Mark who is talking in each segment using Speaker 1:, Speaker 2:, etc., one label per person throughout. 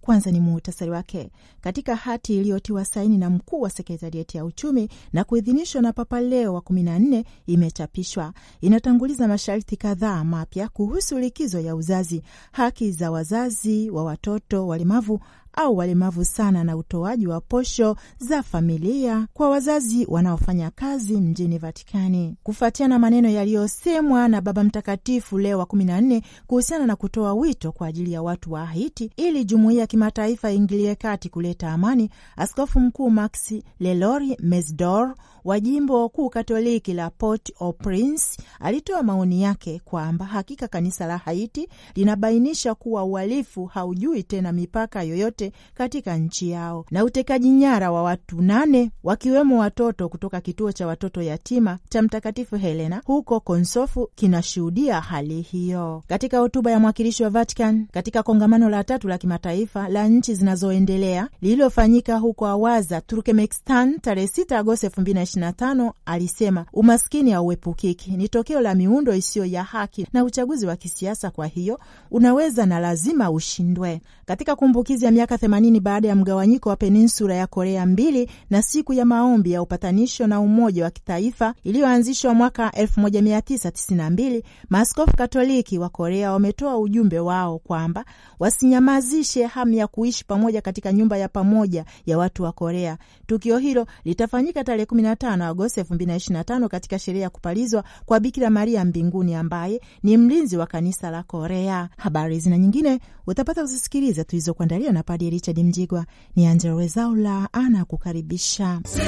Speaker 1: kwanza ni muhtasari wake. Katika hati iliyotiwa saini na mkuu wa sekretarieti ya uchumi na kuidhinishwa na Papa Leo wa 14 imechapishwa, inatanguliza masharti kadhaa mapya kuhusu likizo ya uzazi, haki za wazazi wa watoto walemavu au walemavu sana na utoaji wa posho za familia kwa wazazi wanaofanya kazi mjini Vatikani. Kufuatia na maneno yaliyosemwa na Baba Mtakatifu Leo wa 14 kuhusiana na kutoa wito kwa ajili ya watu wa Haiti ili jumuiya ya kimataifa ingilie kati kuleta amani, Askofu Mkuu Max Lelori Mesdor wa jimbo kuu Katoliki la Port au Prince alitoa maoni yake kwamba hakika kanisa la Haiti linabainisha kuwa uhalifu haujui tena mipaka yoyote wote katika nchi yao, na utekaji nyara wa watu nane wakiwemo watoto kutoka kituo cha watoto yatima cha Mtakatifu Helena huko Konsofu kinashuhudia hali hiyo. Katika hotuba ya mwakilishi wa Vatican katika kongamano la tatu la kimataifa la nchi zinazoendelea lililofanyika huko Awaza, Turkmenistan tarehe 6 Agosti 2025 alisema umaskini hauepukiki, ni tokeo la miundo isiyo ya haki na uchaguzi wa kisiasa, kwa hiyo unaweza na lazima ushindwe katika kumbukizi ya miaka 80 baada ya mgawanyiko wa peninsula ya Korea mbili na siku ya maombi ya upatanisho na umoja wa kitaifa iliyoanzishwa mwaka 1992, maaskofu Katoliki wa Korea wametoa ujumbe wao kwamba wasinyamazishe hamu ya kuishi pamoja katika nyumba ya pamoja ya watu wa Korea. Tukio hilo litafanyika tarehe 15 Agosti 2025 katika sherehe ya kupalizwa kwa Bikira Maria mbinguni ambaye ni mlinzi wa kanisa la Korea. Habari zina nyingine utapata kuzisikiliza za tulizokuandalia na Padi Richard Mjigwa. Ni Angela Rezaula ana kukaribisha sisi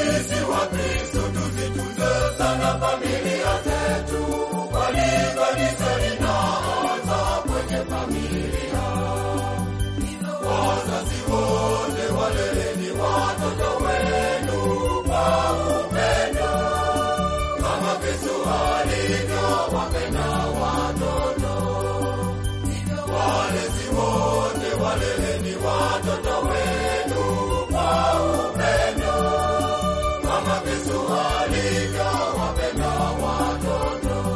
Speaker 2: Wakristo tuzitunze sana familia
Speaker 1: waleleni watoto wenu kwa upendo Yesu watoto.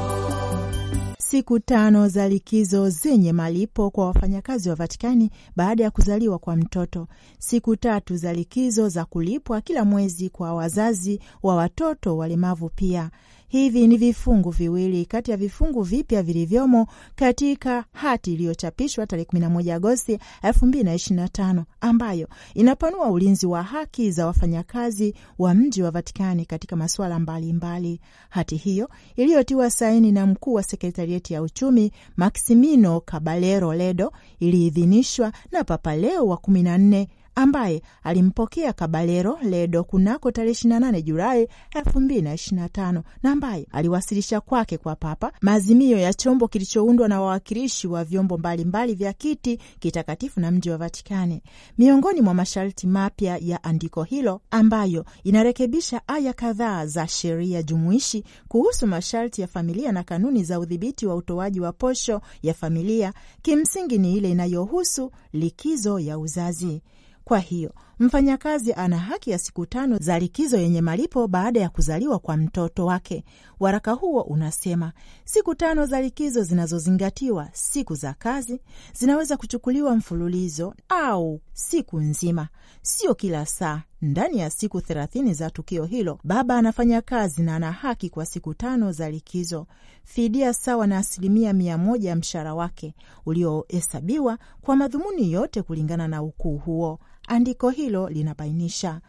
Speaker 1: Siku tano za likizo zenye malipo kwa wafanyakazi wa Vatikani baada ya kuzaliwa kwa mtoto, siku tatu za likizo za kulipwa kila mwezi kwa wazazi wa watoto walemavu pia Hivi ni vifungu viwili kati ya vifungu vipya vilivyomo katika hati iliyochapishwa tarehe 11 Agosti 2025 ambayo inapanua ulinzi wa haki za wafanyakazi wa mji wa Vatikani katika masuala mbalimbali. Hati hiyo iliyotiwa saini na mkuu wa sekretarieti ya uchumi Maximino Caballero Ledo iliidhinishwa na Papa Leo wa 14 ambaye alimpokea kabalero Ledo kunako tarehe 28 Julai 2025 na ambaye aliwasilisha kwake kwa Papa maazimio ya chombo kilichoundwa na wawakilishi wa vyombo mbalimbali vya kiti kitakatifu na mji wa Vatikani. Miongoni mwa masharti mapya ya andiko hilo ambayo inarekebisha aya kadhaa za sheria jumuishi kuhusu masharti ya familia na kanuni za udhibiti wa utoaji wa posho ya familia, kimsingi ni ile inayohusu likizo ya uzazi. Kwa hiyo mfanyakazi ana haki ya siku tano za likizo yenye malipo baada ya kuzaliwa kwa mtoto wake. Waraka huo unasema siku tano za likizo zinazozingatiwa siku za kazi zinaweza kuchukuliwa mfululizo au siku nzima, sio kila saa, ndani ya siku thelathini za tukio hilo, baba anafanya kazi na ana haki kwa siku tano za likizo, fidia sawa na asilimia mia moja ya mshahara wake uliohesabiwa kwa madhumuni yote kulingana na ukuu huo, andiko hilo linabainisha.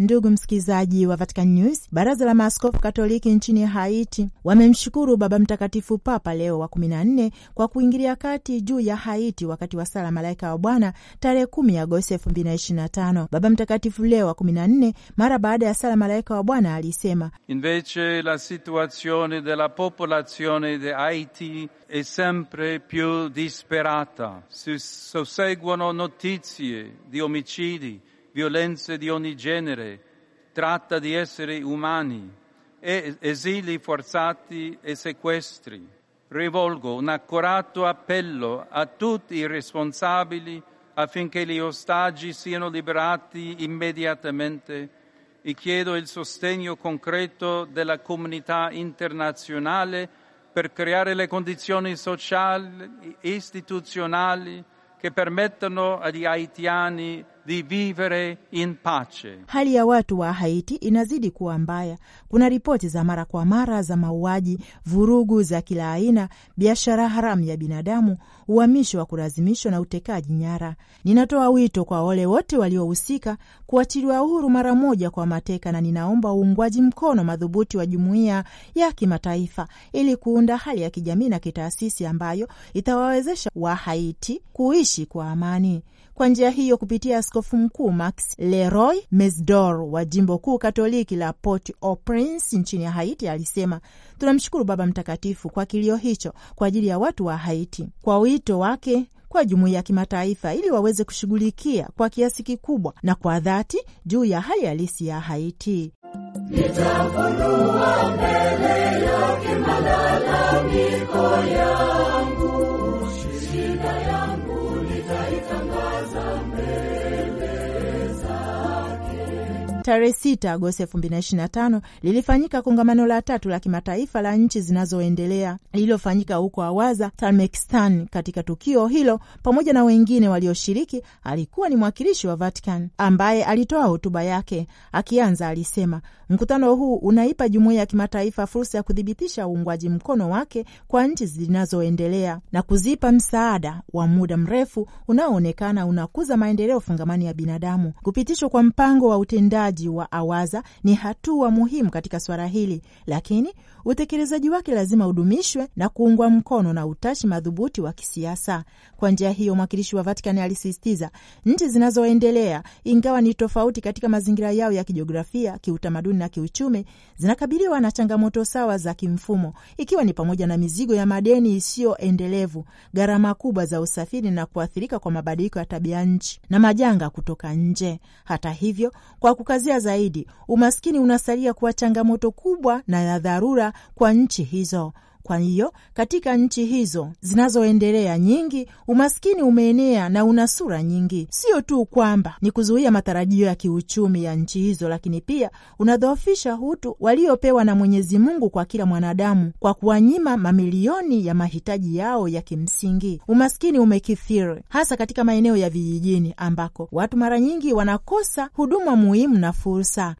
Speaker 1: Ndugu msikilizaji wa Vatican News, baraza la maaskofu Katoliki nchini Haiti wamemshukuru Baba Mtakatifu Papa Leo wa kumi na nne kwa kuingilia kati juu ya Haiti wakati wa sala Malaika wa Bwana tarehe kumi Agosti elfu mbili na na tano. Baba Mtakatifu Leo wa kumi na nne mara baada ya sala Malaika wa Bwana alisema
Speaker 3: invece la situazione della popolazione de Haiti e sempre più disperata si soseguono notizie di omicidi violenze di ogni genere, tratta di esseri umani, esili forzati e sequestri. Rivolgo un accorato appello a tutti i responsabili affinché gli ostaggi siano liberati immediatamente e chiedo il sostegno concreto della comunità internazionale per creare le condizioni sociali e istituzionali che permettano agli haitiani di vivere in pace.
Speaker 1: Hali ya watu wa Haiti inazidi kuwa mbaya. Kuna ripoti za mara kwa mara za mauaji, vurugu za kila aina, biashara haramu ya binadamu, uhamisho wa kulazimishwa na utekaji nyara. Ninatoa wito kwa wale wote waliohusika kuachiliwa uhuru mara moja kwa mateka, na ninaomba uungwaji mkono madhubuti wa jumuiya ya kimataifa ili kuunda hali ya kijamii na kitaasisi ambayo itawawezesha Wahaiti kuishi kwa amani. Kwa njia hiyo, kupitia askofu mkuu Max Leroy Mesdor wa jimbo kuu katoliki la Port au Prince nchini Haiti alisema, tunamshukuru Baba Mtakatifu kwa kilio hicho kwa ajili ya watu wa Haiti, kwa wito wake kwa jumuiya ya kimataifa ili waweze kushughulikia kwa kiasi kikubwa na kwa dhati juu ya hali halisi ya Haiti. Nitafunua mbele yake malalamiko yangu tarehe 6 Agosti 2025 lilifanyika kongamano la tatu la kimataifa la nchi zinazoendelea lililofanyika huko Awaza, Turkmenistan. Katika tukio hilo, pamoja na wengine walioshiriki, alikuwa ni mwakilishi wa Vatican ambaye alitoa hotuba yake. Akianza alisema, mkutano huu unaipa jumuiya ya kimataifa fursa ya kuthibitisha uungwaji mkono wake kwa nchi zinazoendelea na kuzipa msaada wa muda mrefu unaoonekana unakuza maendeleo fungamani ya binadamu. Kupitishwa kwa mpango wa utendaji utekelezaji wa awaza ni hatua muhimu katika swala hili, lakini utekelezaji wake lazima udumishwe na kuungwa mkono na utashi madhubuti wa kisiasa. Kwa njia hiyo, mwakilishi wa Vatikani alisisitiza nchi zinazoendelea, ingawa ni tofauti katika mazingira yao ya kijiografia, kiutamaduni na kiuchumi, zinakabiliwa na changamoto sawa za kimfumo, ikiwa ni pamoja na mizigo ya madeni isiyoendelevu, gharama kubwa za usafiri na kuathirika kwa mabadiliko ya tabia nchi na majanga kutoka nje. Hata hivyo, kwa kukazi kuongezea zaidi, umaskini unasalia kuwa changamoto kubwa na ya dharura kwa nchi hizo. Kwa hiyo katika nchi hizo zinazoendelea nyingi, umaskini umeenea na una sura nyingi, sio tu kwamba ni kuzuia matarajio ya kiuchumi ya nchi hizo, lakini pia unadhoofisha utu waliopewa na Mwenyezi Mungu kwa kila mwanadamu kwa kuwanyima mamilioni ya mahitaji yao ya kimsingi. Umaskini umekithiri hasa katika maeneo ya vijijini ambako watu mara nyingi wanakosa huduma muhimu na fursa.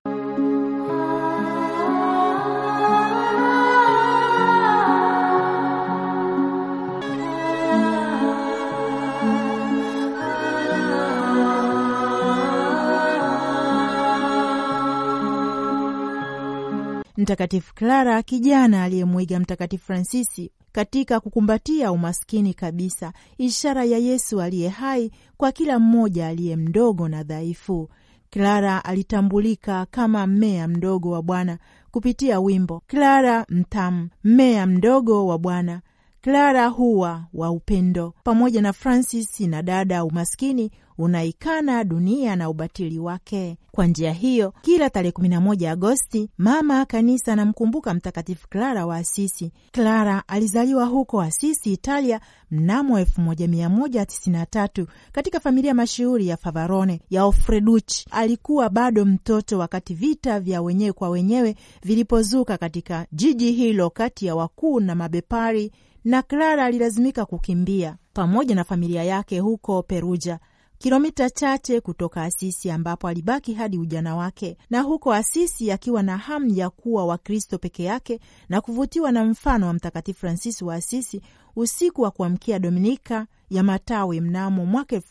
Speaker 1: Mtakatifu klara kijana aliyemwiga Mtakatifu Fransisi katika kukumbatia umaskini kabisa, ishara ya Yesu aliye hai kwa kila mmoja aliye mdogo na dhaifu. klara alitambulika kama mmea mdogo wa Bwana kupitia wimbo klara mtamu, mmea mdogo wa Bwana. klara huwa wa upendo pamoja na Francis na dada umaskini unaikana dunia na ubatili wake. Kwa njia hiyo, kila tarehe 11 Agosti mama kanisa anamkumbuka Mtakatifu Clara wa Asisi. Clara alizaliwa huko Asisi, Italia mnamo 1193 katika familia mashuhuri ya Favarone ya ofreduch Alikuwa bado mtoto wakati vita vya wenyewe kwa wenyewe vilipozuka katika jiji hilo kati ya wakuu na mabepari na Clara alilazimika kukimbia pamoja na familia yake huko Perugia kilomita chache kutoka Asisi ambapo alibaki hadi ujana wake, na huko Asisi akiwa na hamu ya kuwa Wakristo peke yake na kuvutiwa na mfano wa Mtakatifu Fransisi wa Asisi usiku wa kuamkia Dominika ya Matawi mnamo mwaka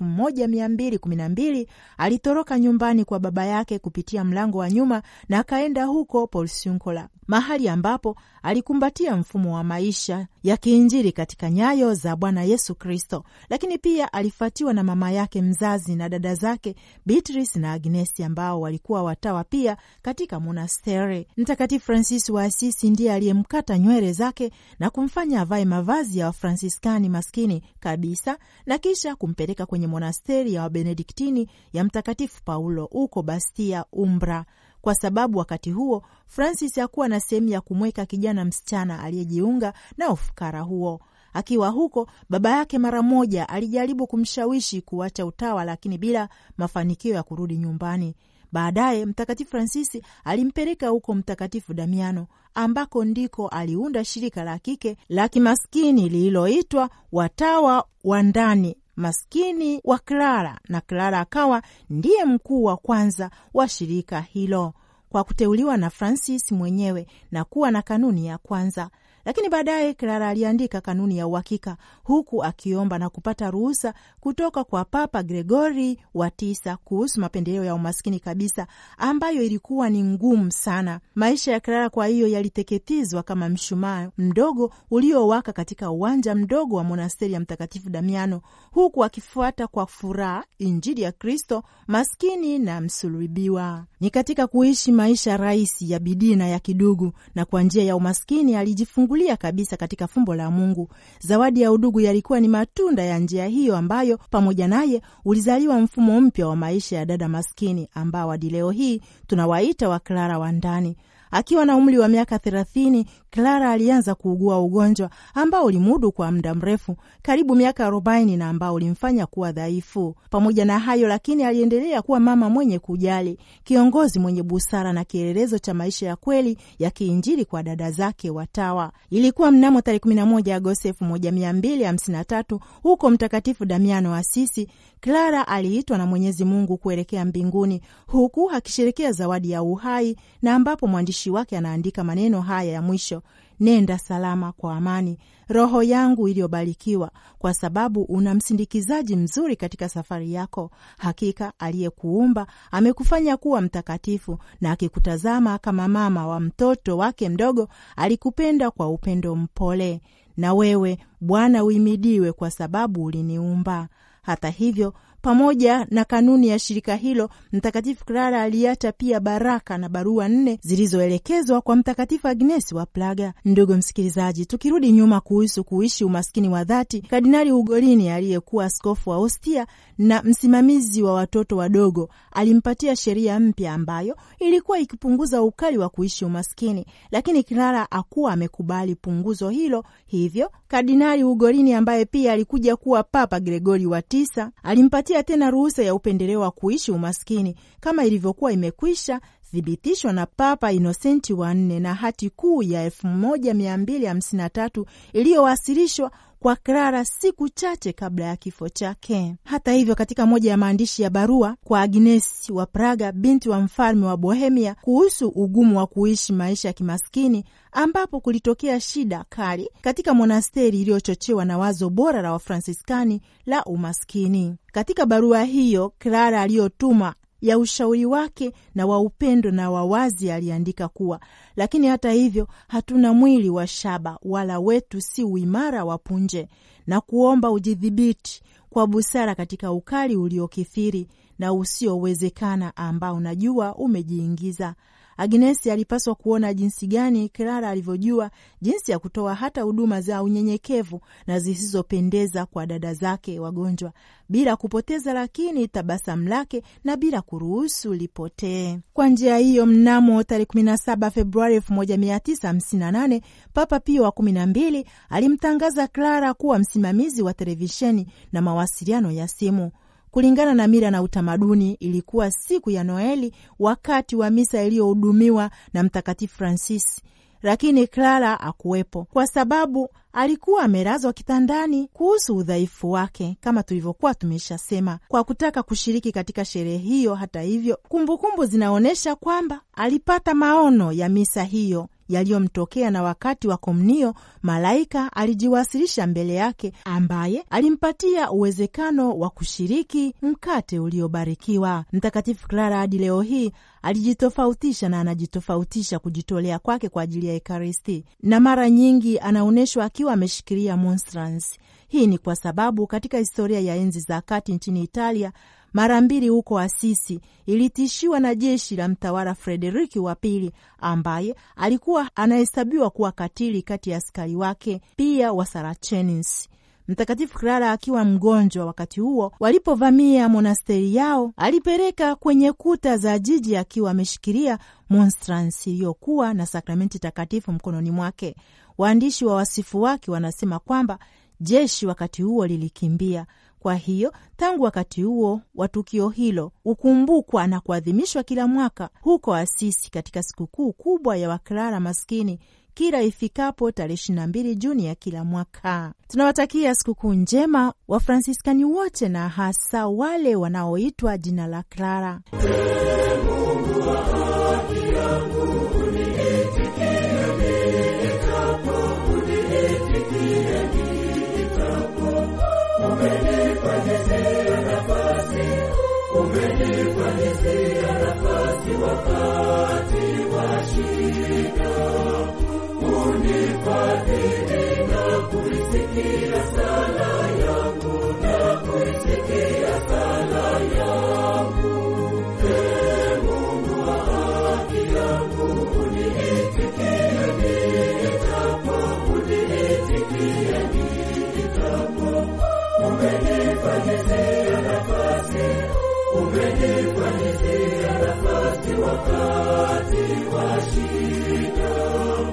Speaker 1: mbili alitoroka nyumbani kwa baba yake kupitia mlango wa nyuma na akaenda huko Polsunkola, mahali ambapo alikumbatia mfumo wa maisha ya kiinjili katika nyayo za Bwana Yesu Kristo, lakini pia alifuatiwa na mama yake mzazi na dada zake Beatrice na Agnesi ambao walikuwa watawa pia katika monasteri. Mtakatifu Francis wa Asisi ndiye aliyemkata nywele zake na kumfanya avae mavazi ya Wafransiskani maskini kabisa na kisha kumpeleka kwenye monasteri ya Wabenediktini ya Mtakatifu Paulo huko Bastia, Umbra, kwa sababu wakati huo Francis hakuwa na sehemu ya kumweka kijana msichana aliyejiunga na ufukara huo. Akiwa huko, baba yake mara moja alijaribu kumshawishi kuacha utawa, lakini bila mafanikio ya kurudi nyumbani. Baadaye Mtakatifu Fransisi alimpeleka huko Mtakatifu Damiano, ambako ndiko aliunda shirika la kike la kimaskini lililoitwa Watawa wa Ndani Maskini wa klara na klara akawa ndiye mkuu wa kwanza wa shirika hilo kwa kuteuliwa na Francis mwenyewe na kuwa na kanuni ya kwanza. Lakini baadaye Clara aliandika kanuni ya uhakika, huku akiomba na kupata ruhusa kutoka kwa Papa Gregori wa tisa kuhusu mapendeleo ya umaskini kabisa, ambayo ilikuwa ni ngumu sana. Maisha ya Clara kwa hiyo yaliteketezwa kama mshumaa mdogo uliowaka katika uwanja mdogo wa monasteri ya Mtakatifu Damiano, huku akifuata kwa furaha Injili ya Kristo maskini na msulubiwa. Ni katika kuishi maisha rahisi ya bidii na ya kidugu na kwa njia ya umaskini alijifungu kutangulia kabisa katika fumbo la Mungu. Zawadi ya udugu yalikuwa ni matunda ya njia hiyo ambayo pamoja naye ulizaliwa mfumo mpya wa maisha ya dada maskini ambao hadi leo hii tunawaita waklara wa ndani. Akiwa na umri wa miaka thelathini Clara alianza kuugua ugonjwa ambao ulimudu kwa muda mrefu, karibu miaka arobaini, na ambao ulimfanya kuwa dhaifu. Pamoja na hayo lakini, aliendelea kuwa mama mwenye kujali, kiongozi mwenye busara na kielelezo cha maisha ya kweli ya kiinjili kwa dada zake watawa. Ilikuwa mnamo tarehe 11 Agosti 1253 huko Mtakatifu Damiano Asisi, Clara aliitwa na Mwenyezi Mungu kuelekea mbinguni, huku akisherekea zawadi ya uhai, na ambapo mwandishi wake anaandika maneno haya ya mwisho nenda salama kwa amani, roho yangu iliyobarikiwa, kwa sababu una msindikizaji mzuri katika safari yako. Hakika aliyekuumba amekufanya kuwa mtakatifu, na akikutazama kama mama wa mtoto wake mdogo, alikupenda kwa upendo mpole. Na wewe Bwana uimidiwe, kwa sababu uliniumba. Hata hivyo pamoja na kanuni ya shirika hilo, Mtakatifu Clara aliacha pia baraka na barua nne zilizoelekezwa kwa Mtakatifu Agnesi wa Plaga. Ndugu msikilizaji, tukirudi nyuma kuhusu kuishi umaskini wa dhati, Kardinali Ugolini aliyekuwa askofu wa Ostia na msimamizi wa watoto wadogo alimpatia sheria mpya ambayo ilikuwa ikipunguza ukali wa kuishi umaskini, lakini Clara akuwa amekubali punguzo hilo. Hivyo Kardinali Ugolini ambaye pia alikuja kuwa Papa Gregori wa tisa alimpatia kuwapatia tena ruhusa ya upendeleo wa kuishi umaskini kama ilivyokuwa imekwisha thibitishwa na Papa Inosenti wa nne na hati kuu ya 1253 iliyowasilishwa kwa Klara siku chache kabla ya kifo chake. Hata hivyo, katika moja ya maandishi ya barua kwa Agnesi wa Praga, binti wa mfalme wa Bohemia, kuhusu ugumu wa kuishi maisha ya kimaskini ambapo kulitokea shida kali katika monasteri iliyochochewa na wazo bora la Wafransiskani la umaskini. Katika barua hiyo Klara aliyotuma ya ushauri wake na wa upendo na wawazi aliandika kuwa, lakini hata hivyo hatuna mwili wa shaba wala wetu si uimara wa punje, na kuomba ujidhibiti kwa busara katika ukali uliokithiri na usiowezekana ambao najua umejiingiza Agnes alipaswa kuona jinsi gani Clara alivyojua jinsi ya kutoa hata huduma za unyenyekevu na zisizopendeza kwa dada zake wagonjwa bila kupoteza lakini tabasamu lake na bila kuruhusu lipotee. Kwa njia hiyo, mnamo tarehe 17 Februari 1958 Papa Pio wa 12 alimtangaza Clara kuwa msimamizi wa televisheni na mawasiliano ya simu. Kulingana na mila na utamaduni, ilikuwa siku ya Noeli wakati wa misa iliyohudumiwa na Mtakatifu Francis, lakini Clara akuwepo kwa sababu alikuwa amelazwa kitandani kuhusu udhaifu wake, kama tulivyokuwa tumeshasema, kwa kutaka kushiriki katika sherehe hiyo. Hata hivyo, kumbukumbu zinaonyesha kwamba alipata maono ya misa hiyo yaliyomtokea, na wakati wa komnio malaika alijiwasilisha mbele yake, ambaye alimpatia uwezekano wa kushiriki mkate uliobarikiwa. Mtakatifu Klara hadi leo hii alijitofautisha na anajitofautisha kujitolea kwake kwa ajili ya Ekaristi, na mara nyingi anaonyeshwa akiwa ameshikilia monstrance. Hii ni kwa sababu katika historia ya enzi za kati nchini Italia mara mbili huko Asisi, ilitishiwa na jeshi la mtawala Frederiki wa pili ambaye alikuwa anahesabiwa kuwa katili kati ya askari wake pia wa Sarachenis. Mtakatifu klara akiwa mgonjwa wakati huo, walipovamia monasteri yao, alipeleka kwenye kuta za jiji akiwa ameshikilia monstrans iliyokuwa na sakramenti takatifu mkononi mwake. Waandishi wa wasifu wake wanasema kwamba jeshi wakati huo lilikimbia kwa hiyo tangu wakati huo wa tukio hilo hukumbukwa na kuadhimishwa kila mwaka huko Asisi katika sikukuu kubwa ya Waklara maskini kila ifikapo tarehe 22 Juni ya kila mwaka. Tunawatakia sikukuu njema Wafransiskani wote na hasa wale wanaoitwa jina la Clara.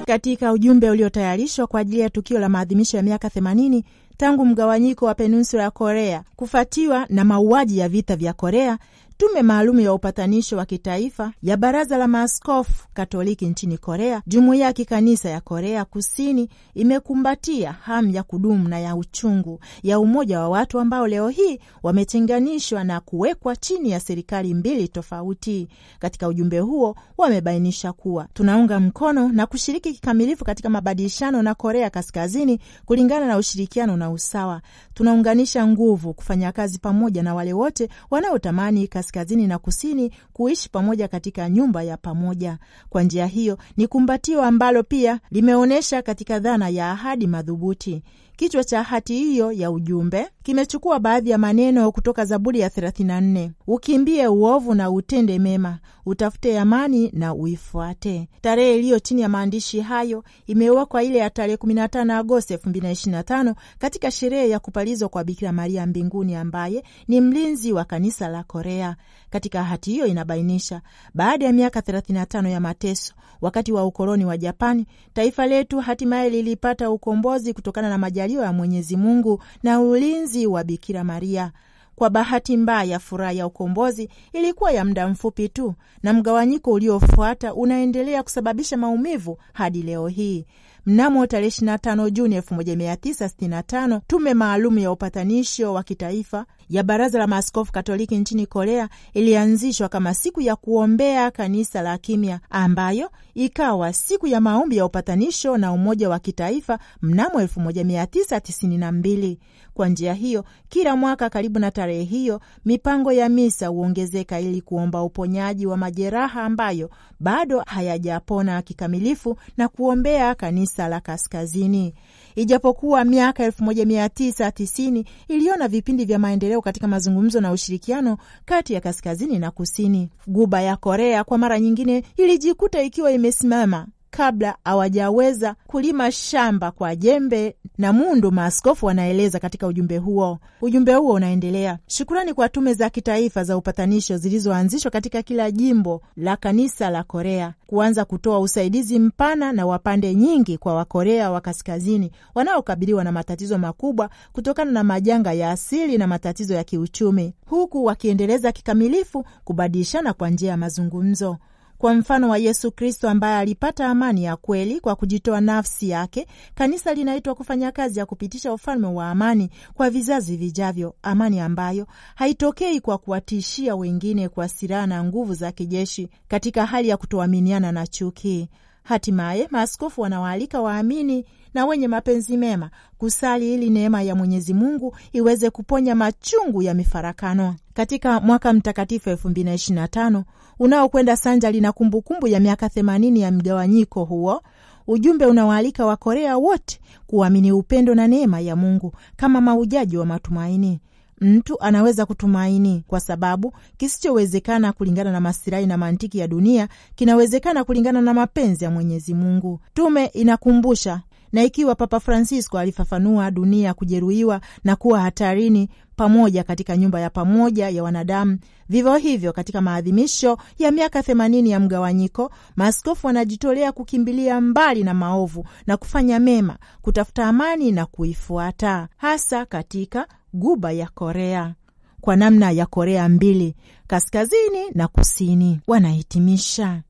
Speaker 1: Katika ujumbe uliotayarishwa kwa ajili ya tukio la maadhimisho ya miaka 80 tangu mgawanyiko wa peninsula ya Korea kufuatiwa na mauaji ya vita vya Korea Tume maalum ya upatanisho wa kitaifa ya Baraza la Maaskofu Katoliki nchini Korea, jumuiya ya kikanisa ya Korea Kusini imekumbatia hamu ya kudumu na ya uchungu ya umoja wa watu ambao leo hii wametenganishwa na kuwekwa chini ya serikali mbili tofauti. Katika ujumbe huo, wamebainisha kuwa tunaunga mkono na kushiriki kikamilifu katika mabadilishano na Korea Kaskazini kulingana na ushirikiano na usawa. Tunaunganisha nguvu kufanya kazi pamoja na wale wote wanaotamani kaskazini na kusini kuishi pamoja katika nyumba ya pamoja. Kwa njia hiyo ni kumbatio ambalo pia limeonyesha katika dhana ya ahadi madhubuti Kichwa cha hati hiyo ya ujumbe kimechukua baadhi ya maneno kutoka Zaburi ya 34: ukimbie uovu na utende mema, utafute amani na uifuate. Tarehe iliyo chini ya maandishi hayo imewekwa ile ya tarehe 15 Agosti 2025 katika sherehe ya kupalizwa kwa Bikira Maria mbinguni, ambaye ni mlinzi wa kanisa la Korea. Katika hati hiyo inabainisha, baada ya miaka 35 ya mateso wakati wa ukoloni wa Japani, taifa letu hatimaye lilipata ukombozi kutokana na maja majaliwa ya Mwenyezi Mungu na ulinzi wa Bikira Maria. Kwa bahati mbaya, furaha ya ukombozi ilikuwa ya muda mfupi tu, na mgawanyiko uliofuata unaendelea kusababisha maumivu hadi leo hii. Mnamo tarehe 25 Juni 1965 tume maalum ya upatanisho wa kitaifa ya Baraza la Maaskofu Katoliki nchini Korea ilianzishwa kama siku ya kuombea kanisa la kimya, ambayo ikawa siku ya maombi ya upatanisho na umoja wa kitaifa mnamo 1992. Kwa njia hiyo, kila mwaka karibu na tarehe hiyo, mipango ya misa huongezeka ili kuomba uponyaji wa majeraha ambayo bado hayajapona kikamilifu na kuombea kanisa kanisa la kaskazini. Ijapokuwa miaka 1990 iliona vipindi vya maendeleo katika mazungumzo na ushirikiano kati ya kaskazini na kusini, guba ya Korea kwa mara nyingine ilijikuta ikiwa imesimama kabla hawajaweza kulima shamba kwa jembe na mundu, maaskofu wanaeleza katika ujumbe huo. Ujumbe huo unaendelea: shukurani kwa tume za kitaifa za upatanisho zilizoanzishwa katika kila jimbo la kanisa la Korea kuanza kutoa usaidizi mpana na wa pande nyingi kwa Wakorea wa kaskazini wanaokabiliwa na matatizo makubwa kutokana na majanga ya asili na matatizo ya kiuchumi, huku wakiendeleza kikamilifu kubadilishana kwa njia ya mazungumzo. Kwa mfano wa Yesu Kristo ambaye alipata amani ya kweli kwa kujitoa nafsi yake, kanisa linaitwa kufanya kazi ya kupitisha ufalme wa amani kwa vizazi vijavyo, amani ambayo haitokei kwa kuwatishia wengine kwa silaha na nguvu za kijeshi katika hali ya kutoaminiana na chuki. Hatimaye maaskofu wanawaalika waamini na wenye mapenzi mema kusali ili neema ya Mwenyezi Mungu iweze kuponya machungu ya mifarakano katika mwaka mtakatifu tano unaokwenda sanjali na kumbukumbu ya miaka themanini ya mgawanyiko huo. Ujumbe unawaalika Wakorea wote kuamini upendo na neema ya Mungu kama maujaji wa matumaini mtu anaweza kutumaini, kwa sababu kisichowezekana kulingana na masirahi na mantiki ya dunia kinawezekana kulingana na mapenzi ya Mwenyezi Mungu. Tume inakumbusha na ikiwa Papa Francisco alifafanua dunia kujeruhiwa na kuwa hatarini pamoja katika nyumba ya pamoja ya wanadamu. Vivyo hivyo, katika maadhimisho ya miaka themanini ya mgawanyiko, maaskofu wanajitolea kukimbilia mbali na maovu na kufanya mema, kutafuta amani na kuifuata, hasa katika guba ya Korea kwa namna ya Korea mbili, kaskazini na kusini. Wanahitimisha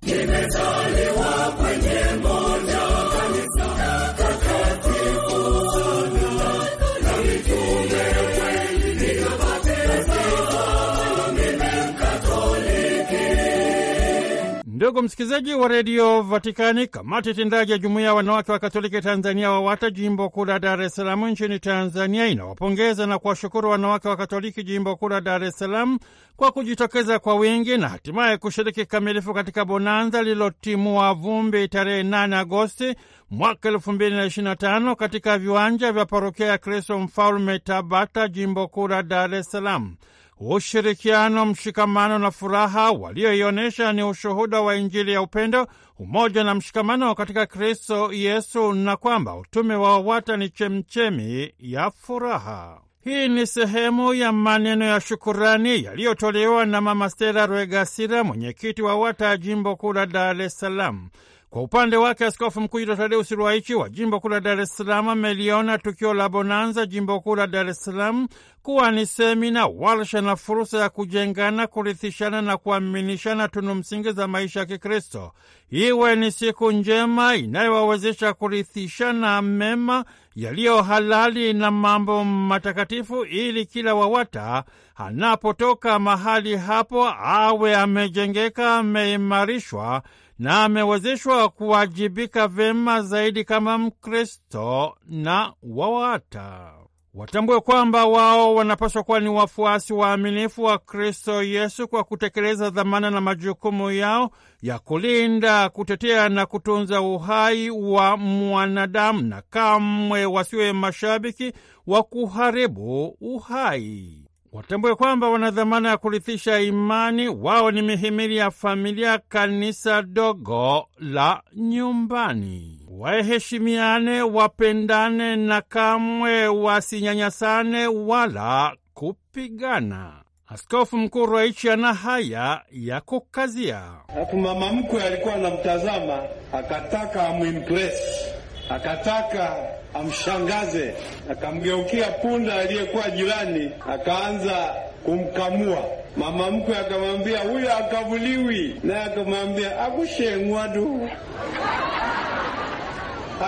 Speaker 3: Ndugu msikilizaji wa redio Vatikani, kamati itendaji ya jumuiya ya wanawake wa Katoliki Tanzania WAWATA jimbo kuu la Dar es Salaam nchini Tanzania inawapongeza na kuwashukuru wanawake wa Katoliki jimbo kuu la Dar es Salaam kwa kujitokeza kwa wingi na hatimaye kushiriki kikamilifu katika bonanza lililotimua vumbi tarehe 8 Agosti mwaka 225 katika viwanja vya parokia ya Kristo Mfalme Tabata jimbo kuu la Dar es Salaam ushirikiano, mshikamano na furaha walioionyesha ni ushuhuda wa Injili ya upendo, umoja na mshikamano katika Kristo Yesu, na kwamba utume wa wata ni chemchemi ya furaha. Hii ni sehemu ya maneno ya shukurani yaliyotolewa na Mama Stella Rwegasira, mwenyekiti wa wata ya jimbo kuu la Dar es Salaam. Kwa upande wake Askofu Mkuu Tadeus Ruwaichi wa jimbo kuu la Dar es Salaam ameliona tukio la bonanza jimbo kuu la Dar es Salaam kuwa ni semina, warsha na fursa ya kujengana, kurithishana na kuaminishana tunu msingi za maisha ya Kikristo. Iwe ni siku njema inayowawezesha kurithishana mema yaliyo halali na mambo matakatifu, ili kila wawata anapotoka mahali hapo awe amejengeka, ameimarishwa na amewezeshwa kuwajibika vema zaidi kama Mkristo na wawata watambue kwamba wao wanapaswa kuwa ni wafuasi waaminifu wa Kristo Yesu kwa kutekeleza dhamana na majukumu yao ya kulinda, kutetea na kutunza uhai wa mwanadamu, na kamwe wasiwe mashabiki wa kuharibu uhai watambue kwamba wana dhamana ya kurithisha imani. Wao ni mihimili ya familia, kanisa dogo la nyumbani. Waheshimiane, wapendane na kamwe wasinyanyasane wala kupigana. Askofu Mkuu Rwaichi ana haya ya kukazia. Alafu mama mkwe alikuwa anamtazama, akataka amwimpresi, akataka
Speaker 4: amshangaze. Akamgeukia punda aliyekuwa jirani, akaanza kumkamua. Mama mkwe akamwambia, huyo akavuliwi, naye akamwambia, akushengwa tu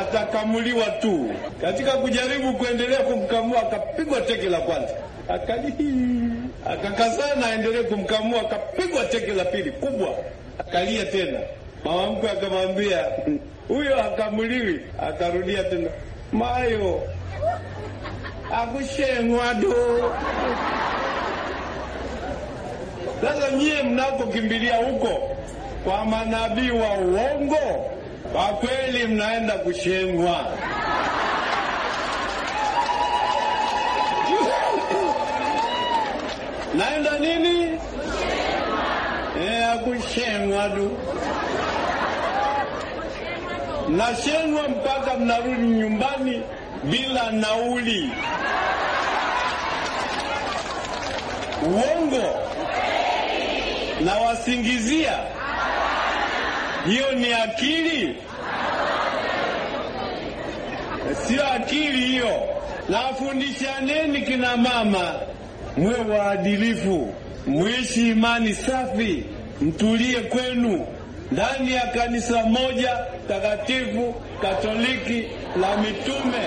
Speaker 4: atakamuliwa tu. Katika kujaribu kuendelea kumkamua, akapigwa teke la kwanza, akalii. Akakazana aendelee kumkamua, akapigwa teke la pili kubwa, akalia tena. Mama mkwe akamwambia, huyo akamuliwi. Akarudia tena, mayo
Speaker 2: akushengwa
Speaker 4: tu. Sasa nyie mnakokimbilia huko kwa manabii wa uongo, kwa kweli mnaenda kushengwa. naenda nini? Kushengwa. E, eh, kushengwa tu nashenwa mpaka mnarudi nyumbani bila nauli. Uongo na wasingizia, hiyo ni akili? Sio akili hiyo. Nafundishaneni kina mama, mwe waadilifu, mwishi imani safi, mtulie kwenu ndani ya kanisa moja takatifu Katoliki la mitume.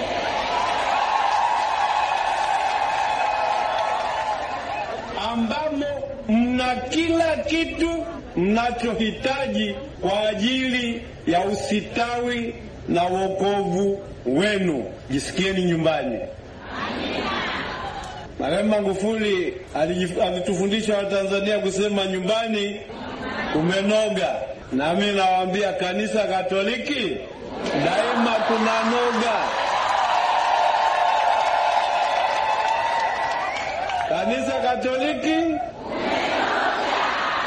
Speaker 4: ambamo mna kila kitu mnachohitaji kwa ajili ya usitawi na wokovu wenu. Jisikieni nyumbani. Marehemu Magufuli alitufundisha Watanzania kusema nyumbani kumenoga. Nami nawaambia kanisa Katoliki daima kuna noga. Kanisa Katoliki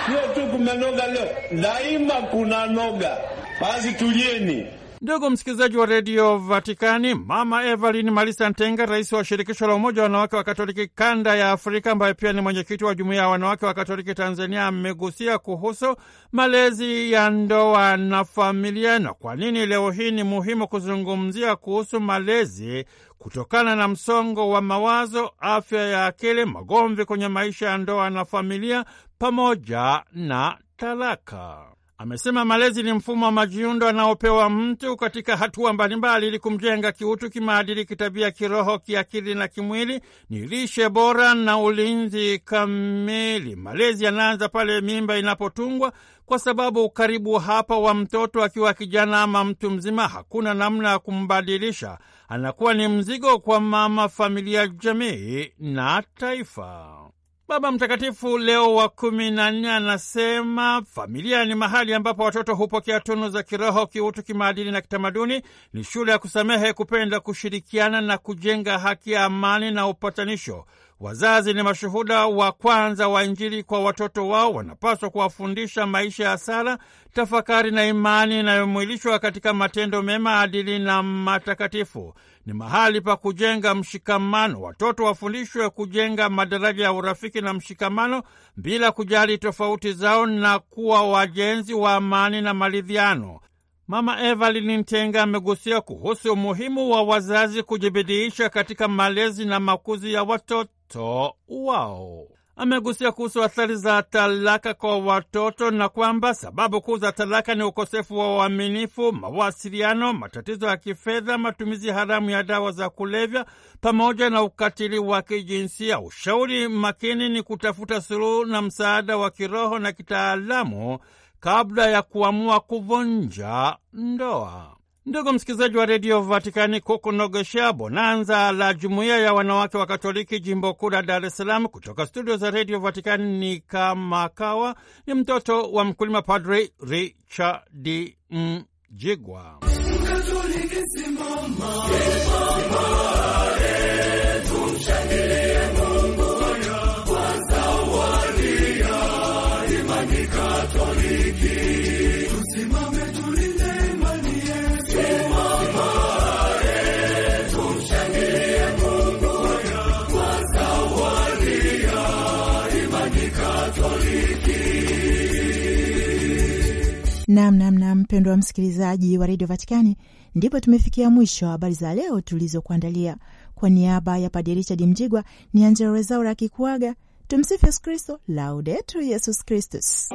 Speaker 3: sio tu kumenoga leo, daima kuna noga. Basi tulieni. Ndugu msikilizaji wa redio Vatikani, Mama Evelin Malisa Ntenga, rais wa shirikisho la umoja wa wanawake wa Katoliki kanda ya Afrika, ambaye pia ni mwenyekiti wa jumuiya ya wanawake wa Katoliki Tanzania, amegusia kuhusu malezi ya ndoa na familia na kwa nini leo hii ni muhimu kuzungumzia kuhusu malezi kutokana na msongo wa mawazo, afya ya akili, magomvi kwenye maisha ya ndoa na familia pamoja na talaka. Amesema malezi ni mfumo wa majiundo anaopewa mtu katika hatua mbalimbali ili kumjenga kiutu, kimaadili, kitabia, kiroho, kiakili na kimwili. Ni lishe bora na ulinzi kamili. Malezi yanaanza pale mimba inapotungwa, kwa sababu ukaribu hapa wa mtoto akiwa kijana ama mtu mzima hakuna namna ya kumbadilisha. Anakuwa ni mzigo kwa mama, familia, jamii na taifa. Baba Mtakatifu Leo wa kumi na nne anasema familia ni mahali ambapo watoto hupokea tunu za kiroho, kiutu, kimaadili na kitamaduni. Ni shule ya kusamehe, kupenda, kushirikiana na kujenga haki, amani na upatanisho. Wazazi ni mashuhuda wa kwanza wa Injili kwa watoto wao, wanapaswa kuwafundisha maisha ya sala, tafakari na imani inayomwilishwa katika matendo mema, adili na matakatifu. Ni mahali pa kujenga mshikamano. Watoto wafundishwe kujenga madaraja ya urafiki na mshikamano bila kujali tofauti zao na kuwa wajenzi wa amani na maridhiano. Mama Evelyn Ntenga amegusia kuhusu umuhimu wa wazazi kujibidiisha katika malezi na makuzi ya watoto watoto wao. Amegusia kuhusu athari za talaka kwa watoto na kwamba sababu kuu za talaka ni ukosefu wa uaminifu, mawasiliano, matatizo ya kifedha, matumizi haramu ya dawa za kulevya, pamoja na ukatili wa kijinsia. Ushauri makini ni kutafuta suluhu na msaada wa kiroho na kitaalamu kabla ya kuamua kuvunja ndoa. Ndugu msikilizaji wa redio Vatikani, kukunogeshea bonanza la jumuiya ya wanawake wa Katoliki jimbo kuu la Dar es Salaam, kutoka studio za redio Vatikani ni kama kawa, ni mtoto wa mkulima, Padri Richard Mjigwa.
Speaker 1: Namnamna mpendo wa msikilizaji wa redio Vatikani, ndipo tumefikia mwisho wa habari za leo tulizokuandalia. Kwa niaba ya Padre Richard Mjigwa ni Angela Rezaura akikuaga. Tumsifu Yesu Kristo, Laudetur Yesus Kristus.